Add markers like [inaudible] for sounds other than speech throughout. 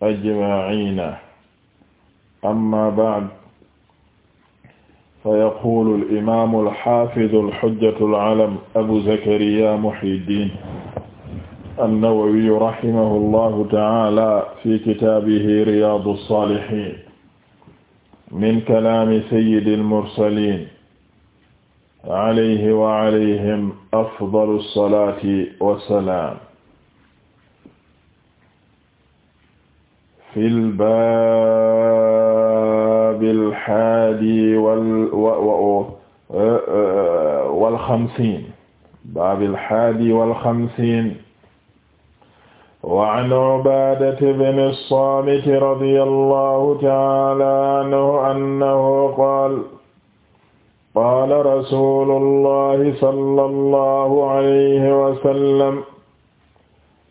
ajmaciina amma bacd fa yaquulu alimaamu alxafidu alxujjatu alcalam abu zakariya muhyiddin annawawiyu rahimahu allahu taala fi kitaabihi riyaadu saalihiin min kalaami sayyidi almursaliin alayhi wa alayhim afdalu salaati wa salaam fil baabil haadi wal wa wa wal xamsiin baabil haadi wal xamsiin wa an Ubaadata bni Saamit radiyallaahu ta'aalaa anhu annahu qaala qaala rasuulullaahi sallallaahu alayhi wa sallam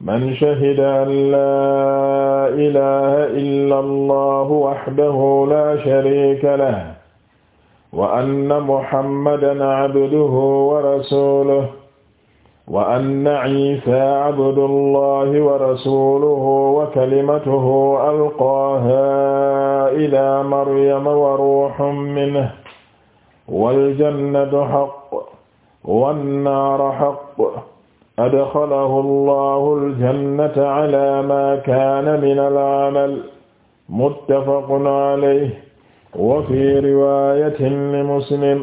man shahida an laa ilaaha illa allahu wahdahu laa shariika lahu wa anna muhammadan abduhu wa rasuluhu wa anna ciisaa abdullahi wa rasuluhu wa kalimatuhu alqaahaa ilaa maryama wa ruuhun minhu wal jannatu haqqun wan naaru haqqun adxalahu allahu aljannata ala ma kaana min alamal muttafaqun alayhi wa fi riwayatin li muslim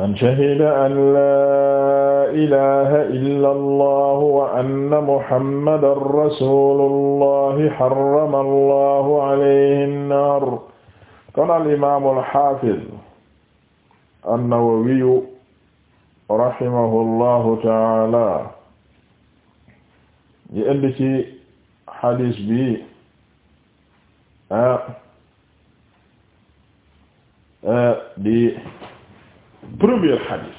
man shahida an laa ilaha illa allah wa anna muhammadan rasulullahi harrama allahu alayhi nnar kon alimamu alxafiz annawawiyu rahimahu allahu taala ñu indi ci xadiis bi ah, ah, di premier xadiis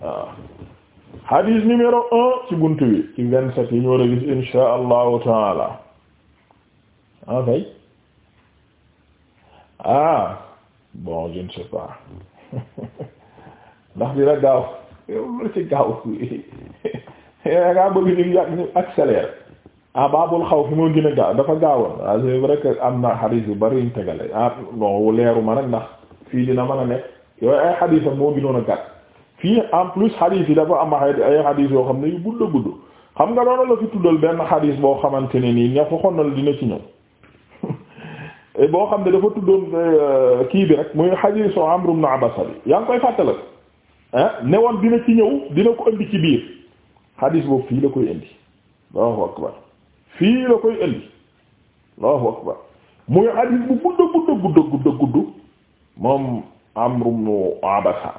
waaw numéro un ci buntu bi ci vingt-sept yi ñu war taala en ah, fait ah bon je ne sais pas [laughs] gaaw yow lu ci gaaw [laughs] nga eh, bëgg ñu yàgg ñu accéléré ah baabul xaw fi moo gën a gaaw dafa gaawoon ah c'est vrai am na xadiis yu bari ñu tegale ah non leeru ma nag ndax fii dina mën a nekk yooyu ay xadiisam moo gënoon a gàtt fii en plus xadiis yi dafa am ay xadiis yoo xam ne yu gudd gudd xam nga loolu la fi tuddal benn xadiis boo xamante ne nii ña fa xonnal dina ci ñëw [laughs] eh, boo xam ne dafa tuddoon eh, kii bi rek muy xadiisu Amru ibn Abasa bi yaa ngi koy fàttale ah ne woon dina ci ñëw dina ko indi ci biir. xadis boobu fii la koy indi Allahu fii la koy indi Allahu akbar muy xadis bu gudd gudd gudd gudd moom Amru ibnu Abasa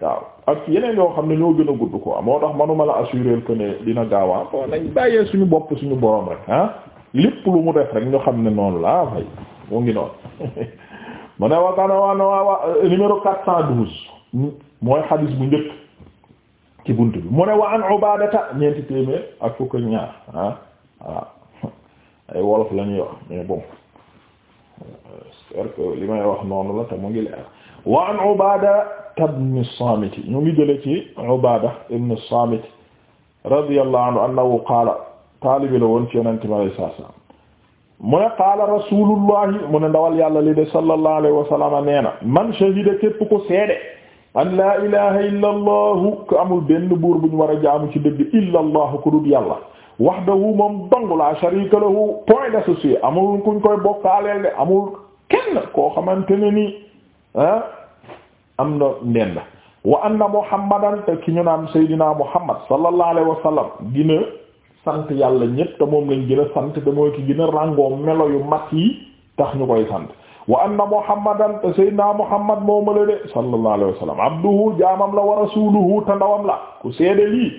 waaw ak yeneen yoo xam ne ñoo gën a gudd quoi moo tax manuma la assurer que ne dina gaawaa ko nañ bàyyee suñu bopp suñu boroom rek ah lu mu def rek ñu xam ne noonu laa ah, fay mu ngi noonu [laughs] mu ne waxtaan waa waa numéro quatre cent douze mooy xadis bu njëkk ci bunt bi mu ne wa an ubadata ñeenti téeméer ak fukk ñaar ah, ah, ay wolof lañuy ñuy wax mais bon j'espère que li may wax noonu la te mu ngi leer wa an ubada ibn samit ñu ngi jële ci ubada ibn samit radiyallahu anhu annahu qaala taalibi la woon ci yonente mi alayhi salaatu salaam mu ne qaala rasulullahi mu ne ndawal yàlla li de sallallahu alayhi wa sallam nee man shahida képp ko seede an laa ilaha illa allahu ku amul benn buur bu ñu war a jaamu ci dëgg illa allahu ku dut yàlla wahdahu moom dong la sharika lahu point d'associé amul kuñ koy bokkaaleel de amul kenn koo xamante ne ni ah am na ndend wa anna muhammadan te ki ñu naan seydina muhammad sallallahu alayhi wa sallam gina sant yàlla ñépp te moom lañ gën a sant te mooy ki gën ràngoo melo yu mat yi tax ñu koy sant wa anna muhammadan te sayyidina muhammad mooma la de sallallahu alayhi wa sallam abduhu jaamam la wa rasuluhu te ndawam la ku seede lii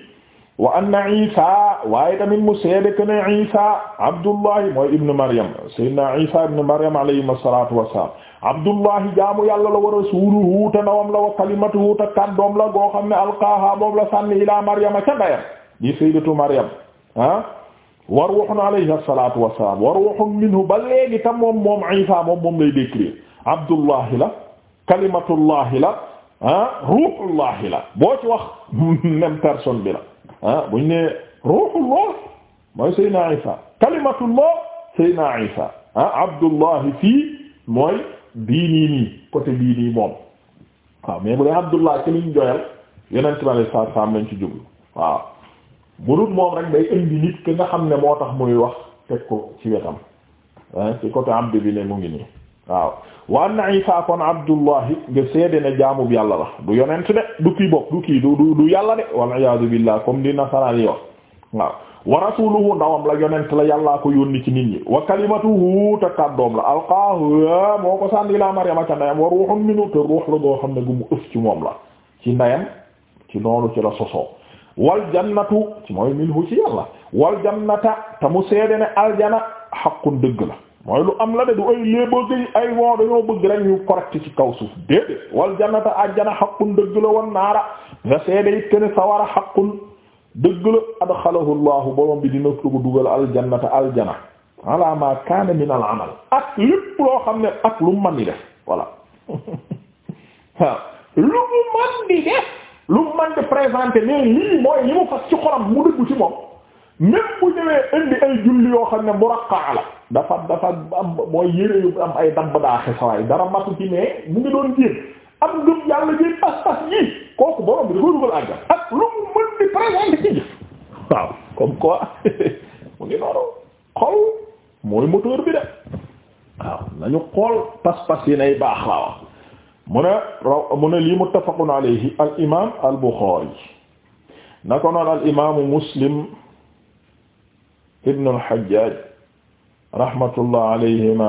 wa anna isa waaye tamit mu seede kana isa abdullahi mooy ibnu maryam sayyidina isa ibnu maryam alayhi assalatu wassalam abdullahi jaamu yàlla la wa rasuluhu te ndawam la wa kalimatuhu te kaddoom la goo xam ne alqaaha moom la sànni ila maryama ca dayam di sayyidatu maryam ah war waxun alayhi assalatu wassalam war minhu ba léegi te moom moom isa moom moom lay décrire abdullahi la kalimatullahi la ah ruhullahi la boo ci wax [laughs] même personne bi la ah buñ ne ruhullah mooy saydna isa kalimatullah saydna isa ah, abdullahi fii mooy bii nii nii côté moom waaw mais bu dee abdullah ci liñ joyal yeneen ci ma lay sa ci jublu waaw bu dul moom rek day indi nit ki nga xam ne moo tax muy wax teg ko ci wetam ci côté abd bi ne mu ngi nii waaw wa anna isa kon abdullahi nga seede ne jaamub yàlla la du yonent de du kii bopp du kii du du du yàlla de wal iyaadu billah comme di nasaraan yi wax waaw wa rasuluhu ndawam la yonent la yàllaa ko yónni ci nit ñi wa kalimatuhu ta kàddoom la alqaaha ah, moo ko sànni ilaa maryama ca ndeyam wa ruuhun minhu te ruux la goo xam ne gu mu ëf ci moom la ci ndeyam ci ci la sosoo wal jannatu ci mooy minhu ci yàlla wal jannata mu seede ne aljana xaqun dëgg la mooy lu am la de du ay léebëgg yi ay won dañoo bëgg rek ñu correct ci kaw suuf déedéet wal jannata aljana xaqun dëgg la wan naara nga seede it ke ne sawara xaqun dëgg la adxalahu llahu borom bi dina ko dugal aljannata aljana ala ma kaana min al amal ak loo xam ne ak lu man di def voilà [laughs] lu mu man di def lu mu mën di présenter mais lii mooy li mu fas ci xolam mu dëggu ci moom même bu ñëwee indi ay julli yoo xam ne muraqqa la dafa dafa am mooy yére yu am ay damb daa xesawaay dara matu ci ne mu ngi doon jéem am ngëm yàlla jéem pas-pas yi kooku borom bi da koy dugal àjjana ak lu mu mën di présenter ci jëf waaw comme [laughs] mu ngi noonu xol mooy moteur bi de waaw nañu xool pas-pas yi nay baax laa wax mu ne raw mu ne lii muttafaqun alayhi al imaam al buxaari na ko noon al imaamu muslim ibn al hajjaaj rahmatullah alayhima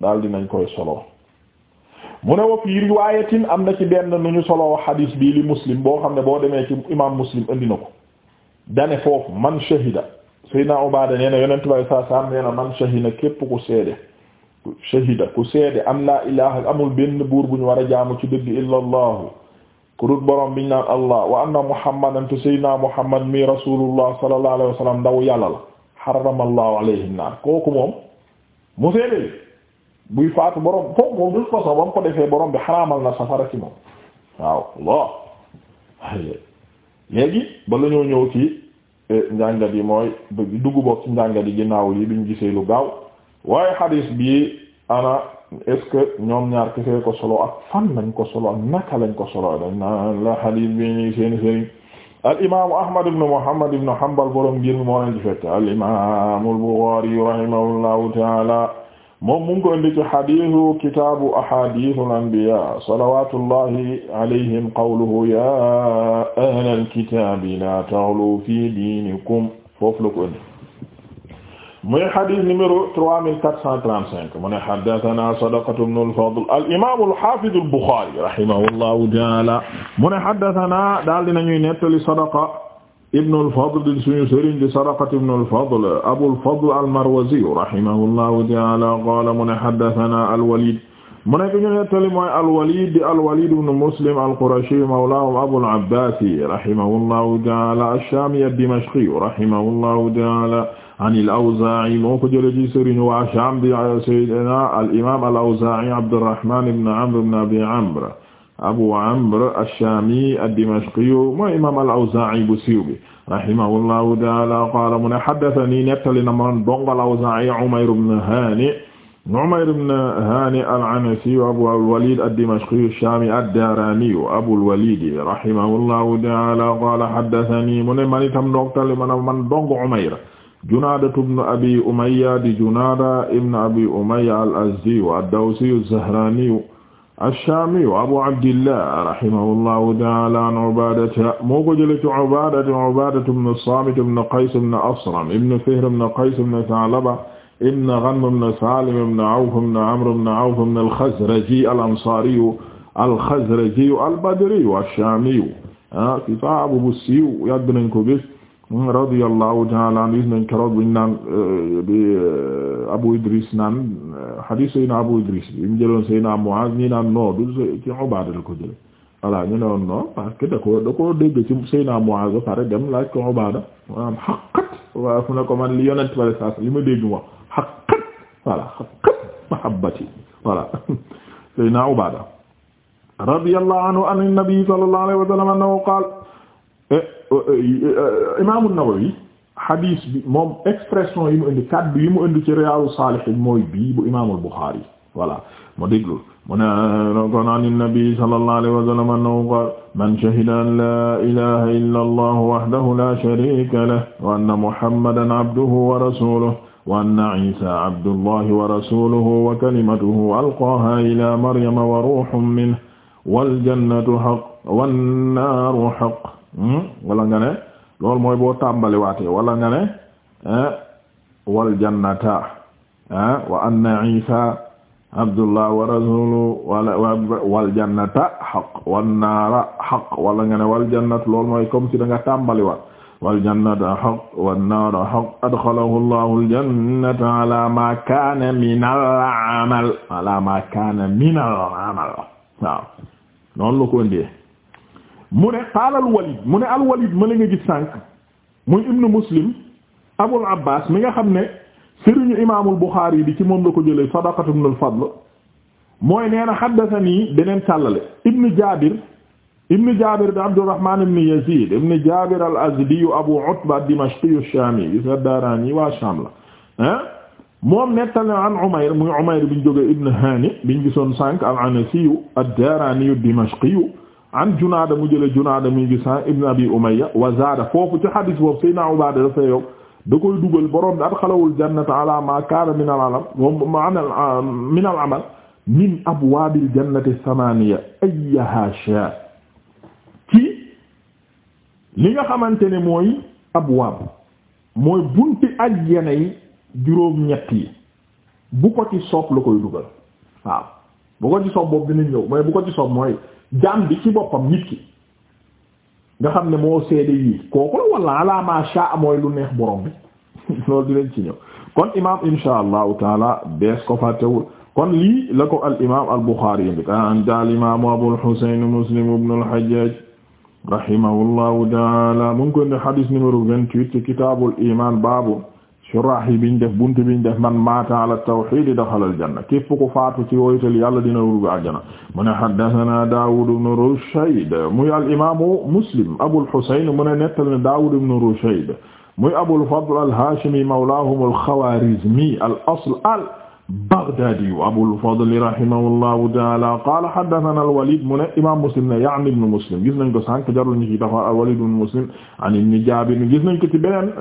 daal dinañ koy solo mu ne wa fii riwaayatin am na ci benn nu ñu solo xadiis bii li muslim boo xam ne boo demee ci imaam muslim indi na ko dane foofu man shahida Seydina Ubaada nee na yonent bi sallallahu alayhi wasallam nee na man képp ku seede shahida ku seede am laa ilaha amul benn buur bu ñu war a jaamu ci dëgg illa allahu ku dut boroom biñ naan allah wa anna muhammadan te sayyidina muhammad mi rasulullah sallallahu wa sallam ndaw yàlla la xarama allahu alayhi kooku moom mu seede buy faatu boroom ko defee boroom bi xaraamal na safara ci moom waaw allah léegi ba la ñoo ñëw eh, mooy dugg boog ci njàngat yi ginnaaw yi biñ gisee lu gaaw waaye xadis bi ana est-ce que ñoom ñaar kese ko solo ak fan lañ ko solo ak naka lañ ko solo dañ naan la xadis bi ñuy seen sëriñ al imaamu Ahmad ibn Muhammad ibn Hanbal borom ngir mi moo al imaamu al-Bukhari rahimahullahu taala moom mu ngi ko ya ahlal kitaabi la taghlu fi diinikum foofu la ko indi muy xadis numéro 3435 mu ne haddathana Sadaqatu ibn al-Fadl al-imam al-hafiz al-Bukhari rahimahullahu ta'ala mu ne haddathana daal dinañuy nettali Sadaqa ibn al-Fadl suñu sëriñ di Sadaqatu ibn al-Fadl Abu al-Fadl al-Marwazi rahimahullahu ta'ala qala mu ne haddathana al-Walid mu nekk ñu nettali mooy al-Walid di al-Walid ibn Muslim al-Qurashi mawlahum Abu al-Abbas rahimahullahu ta'ala ash-Shami ad-Dimashqi rahimahullahu ta'ala anil awzaa'i moo ko jëlee ci sëriñ waa Shaam di euh, sayyidina al imaam al awzaa'i Abdurrahmaan ibn Amr ibn Abi Amr Abu Amr ash-Shaami ad-Dimashqi mooy imaam al awzaa'i bu siiw bi rahimahullahu ta'aala qaala mu ne haddathanii nettali na man dong al awzaa'i Umayr ibn Haani Umayr ibn Haani al-Anasi Abu al-Waliid ad-Dimashqi ash-Shaami ad-Daaraani Abu al-Waliid rahimahullahu ta'aala qaala haddathanii mu ne man itam dong man dong Umayr Junaadatu ibn Abi Umayya di Junaada ibn Abi Umayya al-Azdiyu ad-Dawsiyu az-Zahraaniyu ash-Shaamiyu Abu Abdillah rahimahullahu ta'aala an Ubaadata moo ko jëlee ci Ubaadata Ubaadata ibn as-Saamit ibn Qays ibn Asram ibn Fihr ibn Qays ibn Tha'laba ibn Ghanm ibn Saalim ibn Awf ibn Amr ibn Awf ibn al-Khazraji al-Ansaariyu al-Khazrajiyu al-Badriyu ash-Shaamiyu ah, kitaabu bu siiw yàgg nañ ko gis radiyallahu ta'ala anhu gis nañ keroog biñ naan euh, bi euh, Abu Idris naan euh, hadith Seydina Abu Idris bi mu jëloon Seydina Muaz ñi naan non du ci Ubaada la ko jële voilà ñu ne woon non parce que da ko da ko dégg ci Seydina Muaz ba pare dem laaj ko Ubaada maanaam xaqat waaw fu ne ko man li yonent bale saas li ma dégg wax xaqat voilà xaqat mahabbati voilà [laughs] Seydina Ubaada radiyallahu anhu an nabi sallallahu alayhi wa sallam annahu qaala Euh, euh, euh, imaamu Nawawi xadiis bi moom expression yi mu indi kaddu yi mu indi ci Riyaadu Saalihiin mooy bii bu imaamul Buxaari voilà mu déglu mu ne kon an nabi sallallahu alayhi wa sallam annahu qaala man shahida an laa ilaaha illa allah wahdahu laa shariika lahu wa anna muhammadan abduhu wa rasuluhu wa anna iisaa abdullahi wa rasuluhu wa kalimatuhu alqaahaa ilaa maryama wa ruuhun minhu wal jannatu haqqun wan naaru haqqun Hmm? wala nga ne mooy boo tàmbaliwaatee wala nga ne eh, wal eh, wa anna isa abdullah wa rasuluhu wal wala nga ne wal jannat loolu mooy comme si da nga tàmbaliwaat wal jannata xaq wan naara xaq adxalahu llahu al jannata ma kaana min al amal ala ma kaana min al amal waaw noonu mu ne qaala al-Walid mu ne al-Walid ma la nga gis sànq muy ibnu Muslim Abul Abbas mi nga xam ne sëriñu imaamul Buxaari bi ci moom la ko jëlee Sadaqatu ibnu al-Fadl mooy nee na haddathanii beneen tàllale ibnu Jaabir ibnu Jaabir di Abdurrahmaan ibnu Yaziid ibnu Jaabir al-Azdi Abu Utba ad-Dimashqi ash-Shaami gis nga waa Shaam la ah moom nettali na an Umayr muy Umayr biñ jógee ibnu Haani biñ gisoon sànq al-Anasi ad-Daaraani ad-Dimashqi an Junaada mu jële Junaada muy gis ah Ibn Abi Umayya wa foofu ci hadis boobu Seydina Ubaada dafa yow da koy dugal borom bi adxalawul jannata ala ma kaana min al amal min al amal min samaaniya ayyahaa shaa ci li nga xamante ne mooy abwaab mooy bunti ajjana yi juróom-ñett yi bu ko ci soob la koy dugal waaw bu ko ci soob boobu dinañ ñëw mooy bu ko ci soob mooy. jaam bi ci boppam nit ki xam ne moo seede yii kooku la walla ala ma mooy lu neex borom bi [laughs] loolu dinañ ci ñëw kon imaam insha allahu taala bees ko fàttewul kon lii la ko al imaam al buxaari yëngu an muslim ibn al hajjaj rahimahullahu taala mu ngi koy ne hadis numéro vingt baabu. surah yi biñ def buntu biñ def man maata ala tawhid daxala aljanna képp ku faatu ci woytal yàlla dina wurgu àjjana mu ne haddathana Daawud ibn Rushayd muy al imaamu Muslim Abul Husayn mu ne nettal ne Daawud ibn Rushayd muy Abul Fadl al-Hashimi mawlaahum al-Khawarizmi al-asl al Baghdadi Abul Fadl rahimahullahu ta'ala qaala haddathana al-Walid mu ne imaam Muslim ne ya'ni ibn Muslim gis nañ ko sànq jarul ñu ci dafa al-Walid ibn Muslim an ibn Jaabir gis nañ ko ci beneen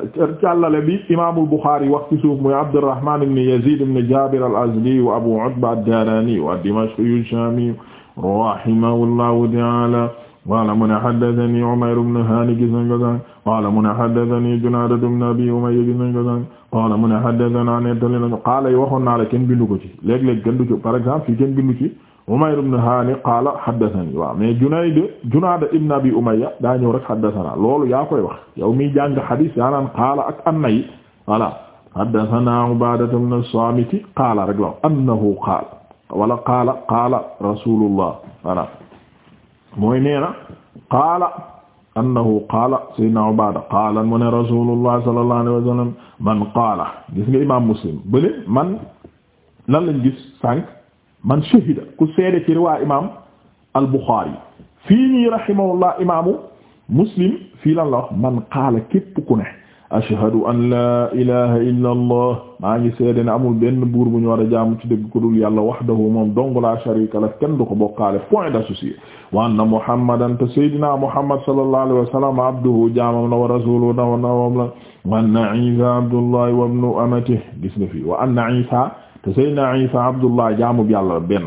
càllale bi imaamul Bukhari wax ci suuf muy Abdurrahman ibn Yazid ibn Jaabir al-Azdi wa Abu Utba ad-Darani wa ad-Dimashqi ash-Shami rahimahullahu ta'ala wala mu ne haddathani Umayr ibn Hani gis nañ ko sànq wala mu ne haddathani Junaada ibn Abi Umayya gis nañ ko sànq wala mu ne haddathana nettali nañu qaala yi waxoon naa la kenn bindu ko ci léeg-léeg kenn du ci par exemple fii kenn bindu ci Umayr ibn Hani qaala haddathani waaw mais Junayd Junaada ibn Abi Umayya daa ñëw rek haddathana loolu yaa koy wax yow miy jàng hadith yaa naan qaala ak anna yi voilà haddathana Ubaada ibn as-Saamit qaala rek la annahu qaala wala qaala qaala Rasulullah voilà mooy nee na qaala annahu qaala sayyidina Ubaada qaala mu ne rasulullah sallallahu alayhi wa sallam man qaala gis nga imam Muslim bële man lan lañ gis sànq man shahida ku seede ci riwaa imam al-Bukhari fii nii rahimahullah imaamu Muslim fii lan la wax man qaala képp ku ne ashhadu an laa ilaha illa allah maa ngi seede ne amul benn buur bu ñu war a jaamu ci dëgg ko dul yàlla wahdahu moom dong la sharika la kenn du ko bokkaale point d'associé wa anna muhammadan te sayyidina muhammad sallallahu alayhi wa sallam abduhu jaamam na wa rasuluhu na wa nawam la wa anna isa abdullahi wa ibnu amatihi gis nga fii wa anna isa te sayyidina isa abdullah jaamub yàlla benn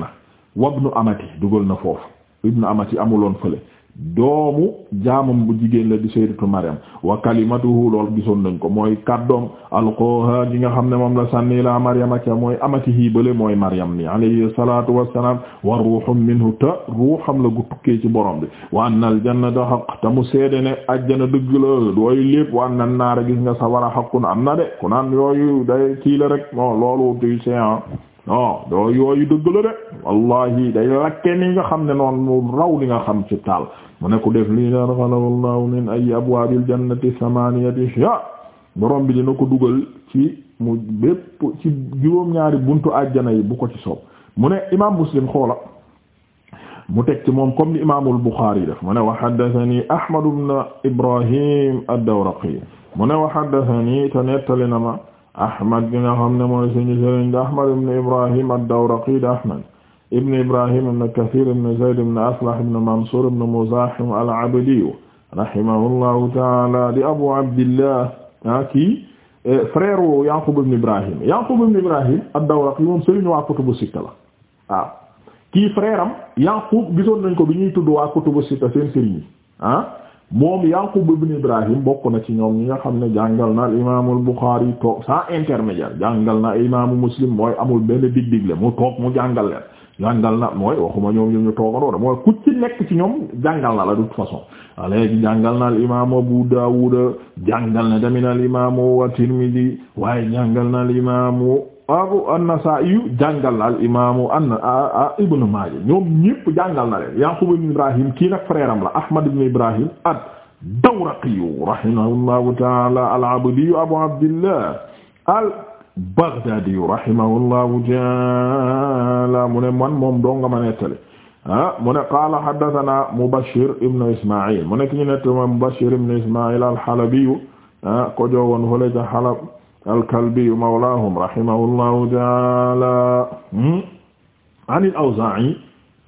wa ibnu amatihi dugal na foofu ibnu amati amuloon fële doomu jaamam bu jigéen la di sayyidatu Maryam wa kalimatuhu lool gisoon nañ ko mooy kàddoom alqooha gi nga xam ne moom la sànni la Maryam ak mooy amatihi bale mooy Maryam ni alayhi salatu wassalam wa ruhun minhu te ruuxam la gu tukkee ci borom bi wa anna al a haqq te mu seede ne ajjana dëgg la dooyu lépp wa anna naara gis nga sawara haqqun am na de ku naan yooyu day kii la rek non loolu du séan ah. non doo yooyu dëgg la de wallahi day xam ne noonu raw li nga xam ci taal mu ne ku def lii naan xalahu llahu min ay abwaabil jannati samaniyati sha borom bi dina ko dugal ci mu bépp ci juróom-ñaari buntu àjjana yi bu ko ci soob mu ne imam muslim xoola mu teg ci moom comme ni imaamul buxaari def mu ne wa haddathani ahmad ibn ibrahim ad-dawraqi mu ne wa haddathani te nettali na ma ahmad bi nga xam ne mooy suñu sëriñ da ahmad ibn ibrahim ad-dawraqi da ahmad ibn Ibrahim ibn Kathir ibn Zayd ibn Aslah ibn Mansur ibn Muzahim al-Abdi rahimahullahu ta'ala di Abu Abdillah aki ah, eh, frère o Yaqub ibn Ibrahim Yaqub ibn Ibrahim ad-Dawraqi moom sëriñu waa kutubu sitta la waaw kii am Yaqub gisoon nañ ko bi ñuy tudd waa kutubu sitta seen sëriñ ah moom Yaqub ibn Ibrahim bokk na ci ñoom ñi nga xam ne jàngal na al-Imam al-Bukhari toog sans intermédiaire jàngal na imaamu Muslim mooy amul benn dig digle mu toog mu jàngal leen jàngal na mooy waxuma ñoom ñoom ñu toogandoo da mooy ku nekk ci ñoom jàngal na la de toute façon léegi jàngal na al imam Abu Dawud jàngal na al imam at-Tirmidhi waaye jàngal al imam Abu an-Nasa'i jàngal al imam an Ibn Majah Yaqub ibn Ibrahim kii nag frère la Ahmad ibn Ibrahim ad-Dawraqi rahimahullahu ta'ala al-Abdi Abu Abdillah Baghdadi rahimahullahu ta'ala mu ne man moom dong nga ma nettali ah mu ne qaala haddathana Mubashir ibn Isma'il mu ne ki ñu nettali ma Mubashir ibn Isma'il al-Halabi ah ko joowoon fële ca Halab al-Kalbi mawlaahum rahimahullahu ta'ala hmm? an al-Awzaa'i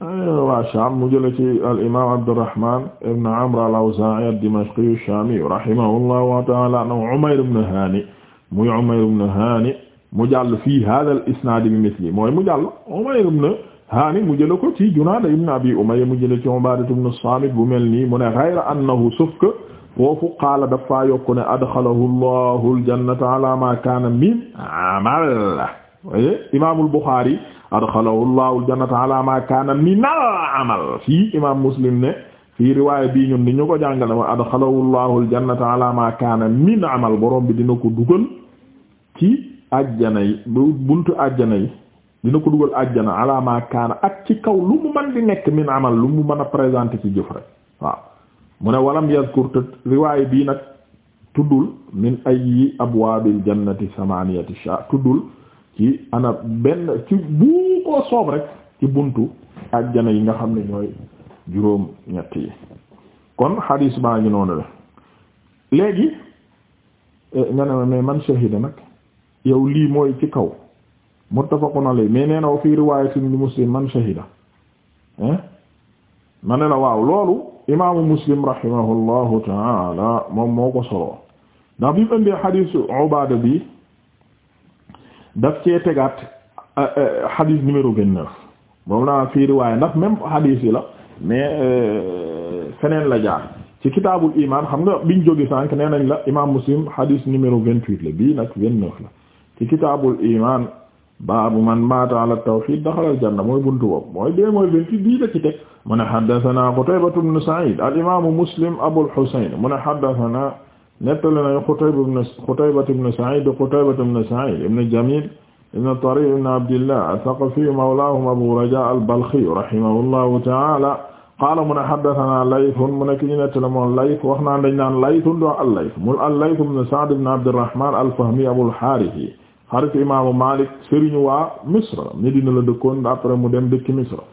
waa Shaam mu jële ci al-imaam Abdurrahmaan ibn Amr al-Awzaa'i ad-Dimashqi ash-Shaami rahimahullahu ta'ala Umayr ibn Haani muy Umayr ibn Haani mu jàll fii hada al isnad bi misli mooy mu jàll Umayr ibn Hani mu jële ko ci Junaada ibn Abi Umayya mu jële ci Ubaada ibn Saamit bu mel nii mu ne ghayra annahu sauf que foofu qaala dafa yokk ne adxalahu Allahu al-jannata ala ma kaana min amal imaamul Buxaari adxalahu Allahu al-jannata ala ma kaana min amal fii imaam Muslim ne fii riwaaya bii ñun ni ñu ko jàngale ma adxalahu Allahu al-jannata ala ma kaana min amal borom bi dina ko dugal ci àjjana yi bu buntu àjjana yi dina ko dugal àjjana alaama kaana ak ci kaw lu mu mën di nekk min amal lu mu mën a présenter ci jëf rek waaw mu ne walam yazkur riwaay bii nag tuddul min ayyi abwaabil jannati samaniyati sha tuddul ci ana benn ci bu ko soob rek ci buntu àjjana yi nga xam ne ñooy juróom ñett yi kon xadiis baa noonu la léegi eh, nga ne mais man shahida nag yow lii mooy ci kaw muttafaqun alayhi mais nee na wa fii riwaayatin li muslim man shahida ma ne la waaw loolu imaamu muslim rahimahullahu taala moom moo ko soloo ndax bi mu indee xadiis Ubaada bi daf cee tegaat euh, euh, xadiis numéro vingt-neuf moom naa fii riwaaya ndax même xadiis yi la mais euh, feneen la jaar ci kitaabul imaan xam nga biñ jóge sànk nee nañ la imaam muslim xadiis numéro vingt-huit la bii nag vingt-neuf la ci kitaabul iman baabu man maata ala tawhid daxalal janna mooy buntu boobu mooy dee mooy vingt bii la ci teg mu ne haddathana Qutayba ibn Sa'id al imaamu Muslim Abul Husayn mu ne haddathana nettali nañu Qutayba ibn Qutayba ibn Sa'id Qutayba ibn Sa'id ibn Jamil ibn Tariq ibn Abdillah ath-Thaqafi mawlaahum Abu Raja al-Balkhi rahimahullahu ta'ala qaala mu ne haddathana Layth mu ne ki ñu nettali moom Layth wax naan dañ naan Layth do al-Layth mu al-Layth ibn Sa'd ibn Abd al-Rahman al-Fahmi Abul Harith xarit imaamu Malik sëriñu waa Misra Medina la dëkkoon après mu dem dëkki Misra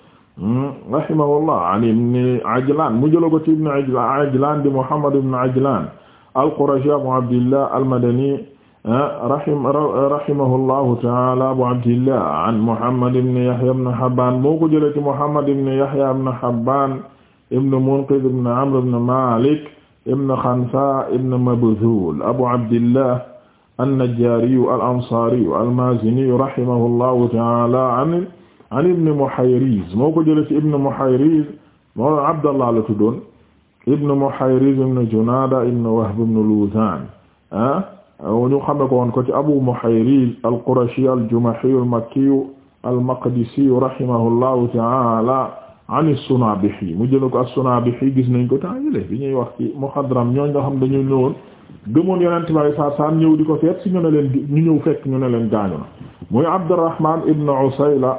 hmm, rahimahullah an ibni Ajlan mu jëla ko ci ibni Ajlan di Muhammad ibn Ajlan al-Qurashi Abu Abdillah al-Madani ah, rahimahullahu ta'ala Abu Abdillah an Muhammad ibn Yahya ibn Habban moo ko jëlee ci Muhammad ibn Yahya ibn Habban ibn Munqidh ibn Amr ibn Malik ibn Khansa ibn Mabdhul Abu Abdillah an-Najjaariyu al-Ansaariyu al-Maaziniyu rahimahullahu ta'aala an an Ibn Muhayriz moo ko jëlee ci Ibn Muhayriz moo Abdallah la tuddoon Ibn Muhayriz ibn Junaada ibn Wahb ibn Luuzaan ah ñu xamee ko woon ko ci Abu Muhayriz al-Qurashi al-Jumahi al-Makki al-Maqdisi rahimahullahu ta'aala an as-Sunaabihi mu jëlee ko as-Sunaabihi gis nañ ko temps yële bi ñuy wax ci muxadram ñooñu nga xam dañu ñëwoon gëmoon yonent bi saa saam ñëw di ko seet si ñu ne leen ñu ñëw fekk ñu ne leen gaañu na muy Abdurrahman ibn Usayla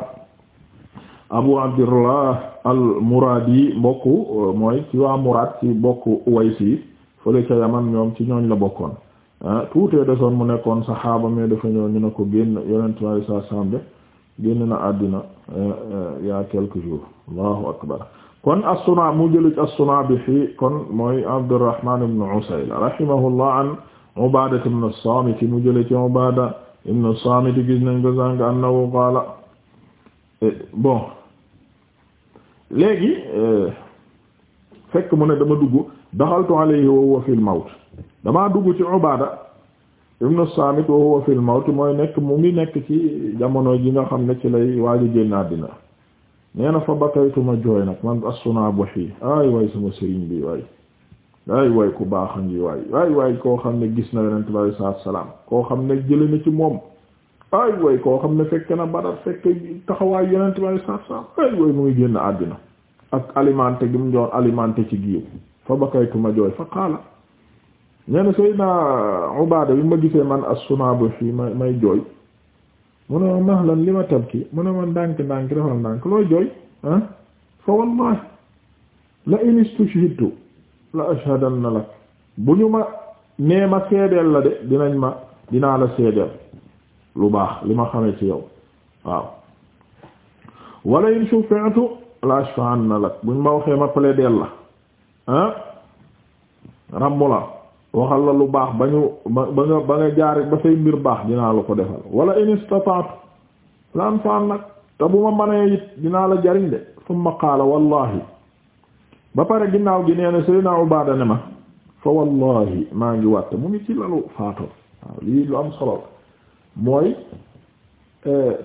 Abu Abdullah al-Muradi mbokku mooy ci waa Murad ci bokk way yi fële ca Yaman ñoom ci ñooñ la bokkoon ah, tuutee desoon mu nekkoon saxaaba mais dafa ñëw ñu ne ko génn yonent bi saa saam de génn na àddina eh, eh, yaa quelques jours Allahu akbar kon as-Sunaa mu jël ci as-Sunaabihi kon mooy Abdurrahmaan ibn Usayl rahimahullah an Ubaada ibn as mu jël ci Ubaada ibn as-Saamit gis nañ eh, léegi eh, fekk mu ne dama dugg daxaltu alayhi wa huwa fil mawt damaa dugg ci Ubaada ibn as mu ngi nekk ci jamono ji nga xam ne ci lay waaj a génn nee na fa bakaytu ma jooy nag man assunaa bu fii ay waay sama sëriñ bi waay ay waay ku baaxam ngi waay ay waay koo xam ne gis na yonent bi alayhi salaatu salaam koo xam ne jële na ci moom ay waay xam ne taxawaay yonent bi alayhi ay waay mu ngi génn àddina ak alimenté gi mu doon alimenté ci giiw fa ma jooy fa qaala nee na Seydina Ubaada bi ma gisee man assunaa bu fii may may jooy mu ne ma mahlan li ma tabki mu ne ma ndànk ndànk defal ndànk looy jooy ah fa wallahi la in istushhidtu la ashhadanna lak bu ñu ma nee ma seedeel la de dinañ ma dinaa la seedeel lu baax li ma xamee ci yow waaw wala in shufi'tu la ashfa'anna lak buñ ma waxee ma plaideel la ah rammu la waxal la lu baax ba ñu ba nga ba nga jaar ba say mbir baax dinaa la ko defal wala in istata'tu la am faan nag te bu ma mënee it dinaa la jariñ de summa qaala wallahi ba pare ginnaaw gi nee na Seydina Ubaada ne ma fa wallahi maa ngi wàtte mu ngi ci lalu faatoo lii lu am solo mooy eh,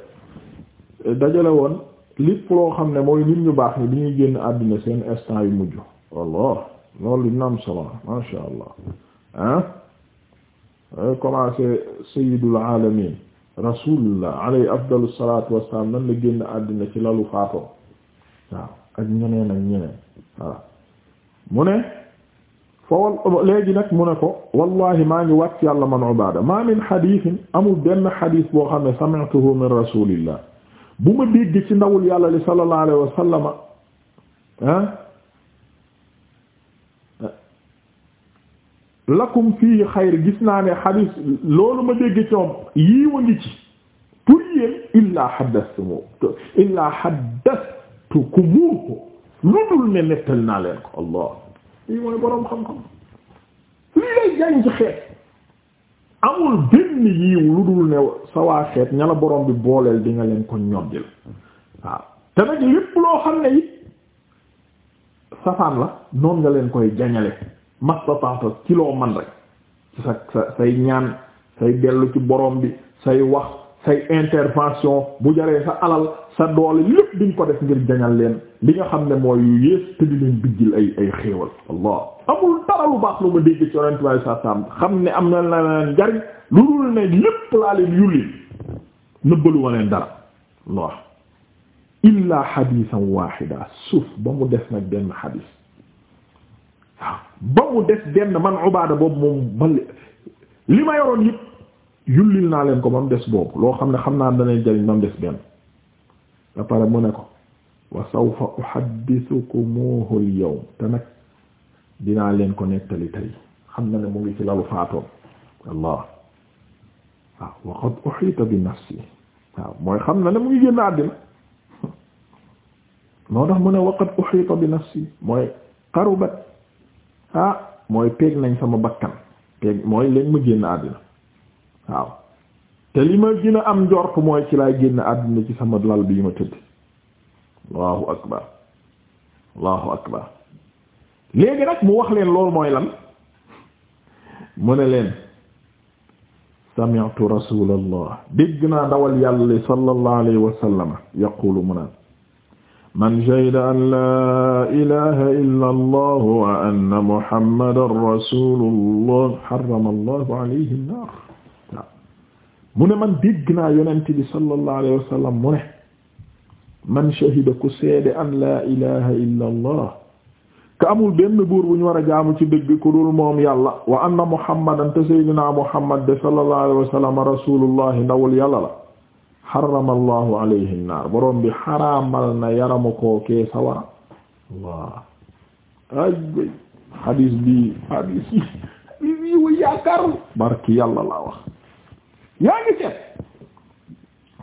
dajale woon lépp loo xam ne mooy nit ñu baax ni bi ñuy génn àddina seen instant yu mujj wallah loolu lu ñu am solo masha Allah ah commencé sayyidul alamin rasulullah alayhi afdalu salatu wassalam nan la génn àddina ci lalu faatoo waaw ak ñeneen ak ñeneen waaw mu ne fawal léegi nag mu ne ko wallahi maa ngi wàcc yàlla man ubada ma min hadithin amul benn hadith boo xam ne sami'tuhu min rasulillah bu ma dégg ci ndawul yàlla li sallallahu alayhi wa sallama ah lakkum fii xayr gis naa ne xadis loolu ma dégg ci moom yiiwa ngi ci pour yéen illaa xaddastumu illaa xaddastukumuhu lu dul ne nettal naa leen ko allah lii mooy boroom xam-xam lii lay jàng ci xeet amul benn yiiw lu dul ne sa xeet ña la boroom bi booleel di leen ko ñoddil waaw te nag lépp loo xam ne it safaan la noon nga leen koy jañale mastata'ta ci loo man rek sa sa say ñaan say dellu ci borom bi say wax say intervention bu jaree sa alal sa doole lépp di nga ko def ngir jañal leen li nga xam ne mooy yu yées te di leen bijjil ay ay xéewal allah amul dara lu baax lu ma dégg ci yonent waaye xam ne am na la leen jariñ lu dul ne lépp laa leen yulli nëbbaluwa leen dara allah illaa xadiisan waaxida suuf ba mu def nag benn xadiis waaw ba mu des benn man ubaada boobu moom ba li ma yoroon yëpp yullil naa leen ko ba mu des boobu loo xam ne xam naa danay jariñ ba mu des benn da pare mu ne ko wa sawfa uhaddithukumoohu al yawm te nag dinaa leen ko nettali tey xam na ne mu ngi ci lalu faatoon allah waaw wa qad uhiita bi nafsi waaw mooy xam na ne mu ngi génn àddina moo tax mu ne wa qad uhiita bi nafsi mooy qarubat ah mooy peeg nañ sama bakkan peeg mooy léegi ma génn àddina waaw te li ma gën a am njort mooy ci laay génn àddina ci sama lal bi ma tëdd allahu akbar allahu akbar léegi nag mu wax leen loolu mooy lan mu ne leen sami'tu rasulallah dégg naa dawal yàlla sallallahu alayhi wa sallama yaqulu mu naan man shahida an laa ilaha illa allah wa anna muhammadan rasulullah harrama allahu alayhi an-nar waaw mu ne man dégg naa yonent bi sallallahu alayhi wa sallam mu ne man shahida ku seede an laa ilaha illa allah ka amul benn buur bu ñu war a jaamu ci dëgg ku dul moom yàlla wa anna muhammadan te sayyidina muhammad de sallallahu alayhi wa sallam rasulullah ndawul yàlla la xarama allahu alayhi naar borom barki yàlla laa wax yaa ngi seet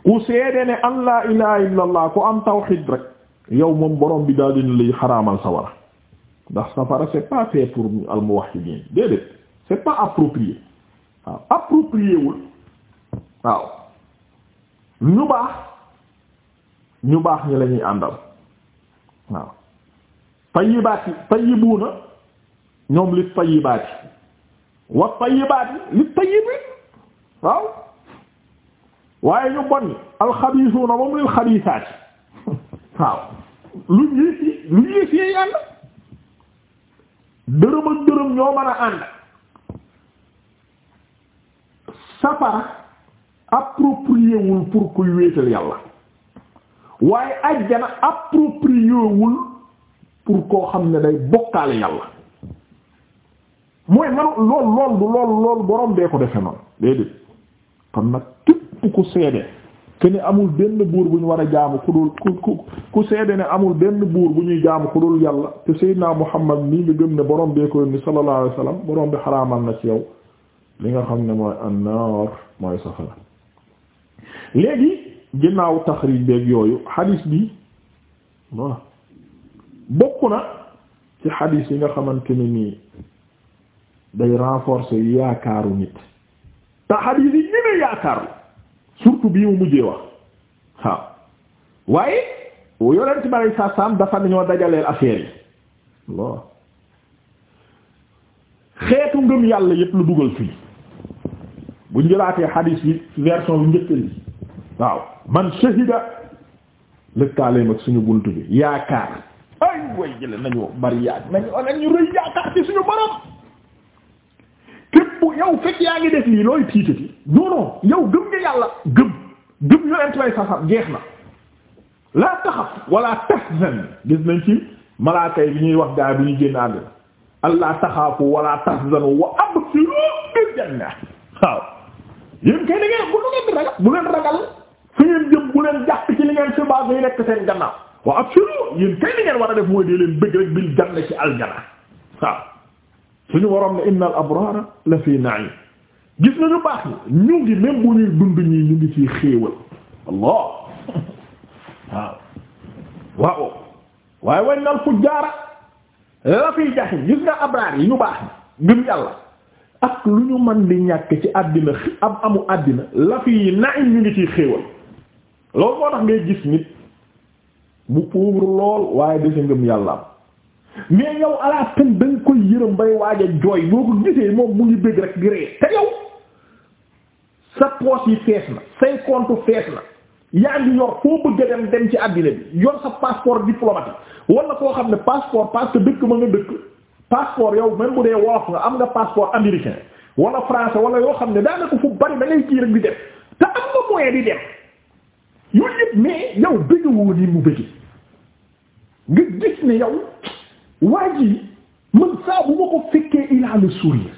ku seede ne an laa ilaha illa allah ku am tawxid rek yow moom bi daal dina lay xaraamal sawara ndax safara c'est pas fait al muwahhidin déedéet c'est pas approprié waaw approprié wul ñu baax ñu baax ñi lañuy àndal waaw yi tayyibuuna ñoom li tayyibaati wa tayyibaati li tayyibiin waaw waaye ñu bon alxabiisuuna moom lil xabiisaati [laughs] waaw lu yées yi lu yées yi ànd dërëm ak dërëm ñoo mën a ànd safara approprié wul pour kuy wéetal yàlla waaye ajjana approprié pour koo xam ne day bokkaale yàlla mooy man lool lool du lool lool borom dee ko defe noonu déedéet kon nag képp ku seede que amul benn buur bu war a jaamu ku dul ne amul benn buur bu ñuy jaamu ku dul yàlla te Seydina Muhammad nii nga gën ne borom bee ko ni sallallahu alayhi wasallam borom bi xaraamal na ci yow li nga xam ne mooy annaar mooy safara léegi ginnaaw taxrij beeg yooyu xadiis bi voilà bokk na ci xadiis yi nga xamante ne nii day renforcer yaakaaru nit te xadiis yi ñu ne yaakaaru surtout bii mu mujjee wax waaw waaye yonent bi alay saa saam dafa nañoo dajaleel affaire yi waaw xeetu ngëm yàlla yépp lu dugal fii bu njëlaatee hadith bi version bi njëkk li waaw man shahida lëkkaaleem ak suñu bunt bi yaakaar ay way jële nañu bari nañu rëy yaakaar ci suñu borom képp yow fekk yaa ngi def lii looy tiitati non non gëm nga yàlla gëm gëm yonent bay sasam jeex na laa taxaf wala tahzan gis nañ ci malaaka yi bi ñuy wax gaay bu ñuy génn àddina allah taxaafu wala tahzanu wa absiru bil janna waaw yéen kay da ngeen bu lu ngeen di ragal bu leen ragal fi ngeen jëm bu leen jàpp ci li ngeen fi baa ngay nekk seen gannaaw wa abshiru yéen kay li ngeen war a def mooy dee leen bëgg rek bil janna ci aljana waaw suñu waroon ne innal abrara la fi na'im gis nañu baax ni ñu ngi même bu ñuy dund ñii ñu ngi ciy xéewal allah waaw waaw waaye wañ nal fujjaara la fi jaxi gis nga abraar yi ñu baax ni ngëm yàlla ak lu ñu mën di ñàkk ci àddina am amu àddina la fi nañ ñu ngi ciy xéewal loolu moo tax ngay gis nit bu pauvre lool waaye dese ngëm yàlla am mais yow ala tën koy yërëm bay waaj a jooy boo ko gisee moom mu ngi bëgg rek di ree te yow sa poche yi fees na say compte fees na yaa ngi yor foo bëgg a dem dem ci àddina bi yor sa passeport diplomatique wala koo xam ne passeport parce que dëkk ma nga dëkk passeport yow même bu dee wolof nga am nga passeport américain wala français wala yoo xam ne daanaka fu bari da ngay kii rek di def te am nga moyen di dem yooyu yëpp mais yow bëgg woo ni mu bëgg nga gis ne yow waa man saa bu ko fekkee il a le